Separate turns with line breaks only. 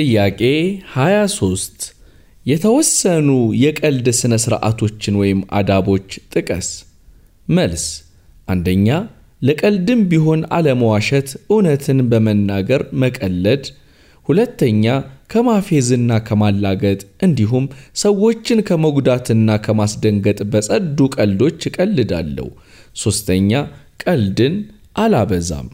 ጥያቄ 23 የተወሰኑ የቀልድ ሥነ ሥርዓቶችን ወይም አዳቦች ጥቀስ። መልስ፣ አንደኛ ለቀልድም ቢሆን አለመዋሸት፣ እውነትን በመናገር መቀለድ። ሁለተኛ ከማፌዝና ከማላገጥ እንዲሁም ሰዎችን ከመጉዳትና ከማስደንገጥ በጸዱ ቀልዶች እቀልዳለሁ። ሦስተኛ ቀልድን
አላበዛም።